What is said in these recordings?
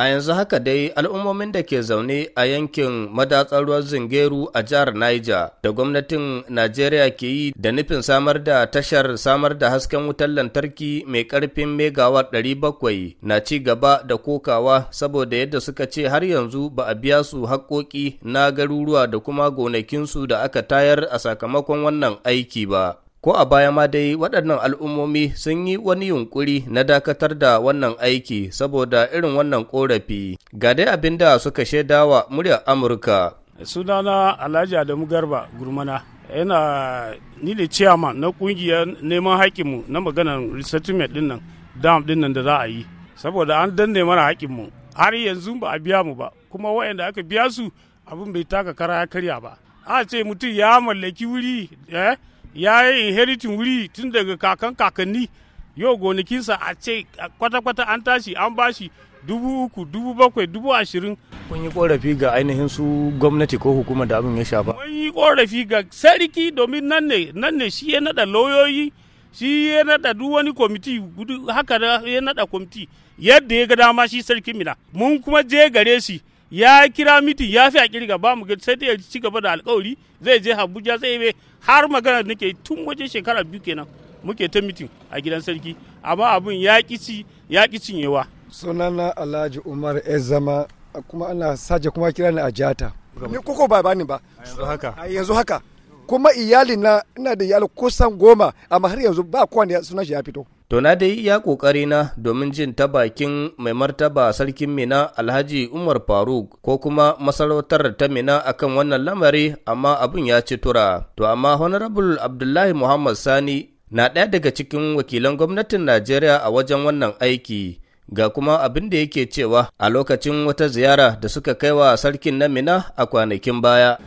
A yanzu haka dai al'ummomin da ke zaune a yankin madatsar ruwan zingeru a jihar Niger da gwamnatin Najeriya ke yi da nufin samar da tashar samar da hasken wutar lantarki mai ƙarfin megawar 700 na ci gaba da kokawa saboda yadda suka ce har yanzu ba a biya su haƙƙoƙi na garuruwa da kuma gonakinsu da aka tayar a sakamakon wannan aiki ba. Ko a baya ma dai waɗannan al'ummomi sun yi wani yunƙuri na dakatar da wannan aiki saboda irin wannan ƙorafi. Ga dai abin da suka shaidawa muryar Amurka. Sunana Alhaji Adamu Garba Gurmana. Yana ni da ciyama na ƙungiyar neman haƙinmu na maganar resettlement ɗin dam ɗin da za a yi. Saboda an danne mana haƙinmu Har yanzu ba a biya mu ba, kuma waɗanda aka biya su abin bai taka kara ya karya ba. A ce mutum ya mallaki wuri, eh? ya yi inheritin wuri tun daga kakan kakanni yau gonakinsa a ce kwata-kwata an tashi an bashi dubu uku dubu bakwai dubu ashirin kun yi korafi ga ainihin su gwamnati ko hukumar da abin ya shafa kun yi korafi ga sarki domin nan ne nan ne shi ya nada lauyoyi shi ya nada duk wani kwamiti haka ya nada kwamiti yadda ya ga dama shi sarki mina mun kuma je gare shi ya kira mitin ya fi a kirga ba mu sai dai ya ci gaba da alkawari zai je Abuja zai yi har magana nake tun waje shekara biyu kenan muke ta mitin a gidan sarki amma abun ya kici ya cinyewa sunana Alhaji Umar Ezama kuma ana saje kuma kira ni a jata ni koko ba bani ba yanzu haka yanzu haka kuma iyali na ina da iyali kusan goma amma har yanzu ba kowane sunan shi ya fito To na dai iya ƙoƙarina domin jin ta bakin mai martaba sarkin Mina Alhaji Umar Faruk ko kuma masarautar ta Mina akan wannan lamari amma abin ya ci tura. To amma Honorable Abdullahi Muhammad Sani na ɗaya daga cikin wakilan gwamnatin Najeriya a wajen wannan aiki ga kuma abin da yake cewa a lokacin wata ziyara da suka kai wa sarkin na mina a kwanakin baya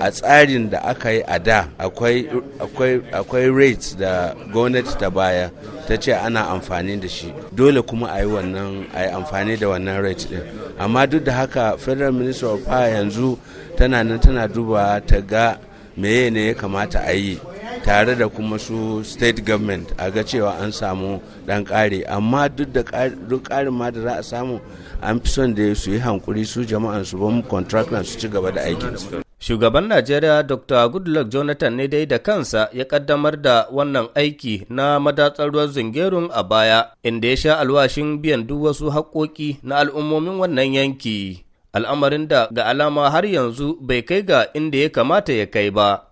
a tsarin da aka yi a da akwai rates da gwamnati ta baya ta ce ana amfani da shi dole kuma a yi amfani da wannan rate din amma duk da haka federal minister of power yanzu tana nan tana duba ta ga meye ne ya kamata a yi tare da kuma su state government a ga cewa an samu dan kare amma duk da karin ma da za a samu an fi son da su yi hankuri su jama'an su bamu contractor su ci gaba da aikin Shugaban Najeriya Dr. Goodluck Jonathan ne dai da kansa ya kaddamar da wannan aiki na madatsar ruwan zungerun a baya, inda ya sha alwashin biyan duk wasu haƙoƙi na al'ummomin wannan yanki, al'amarin da ga alama har yanzu bai kai ga inda ya kamata ya kai ba.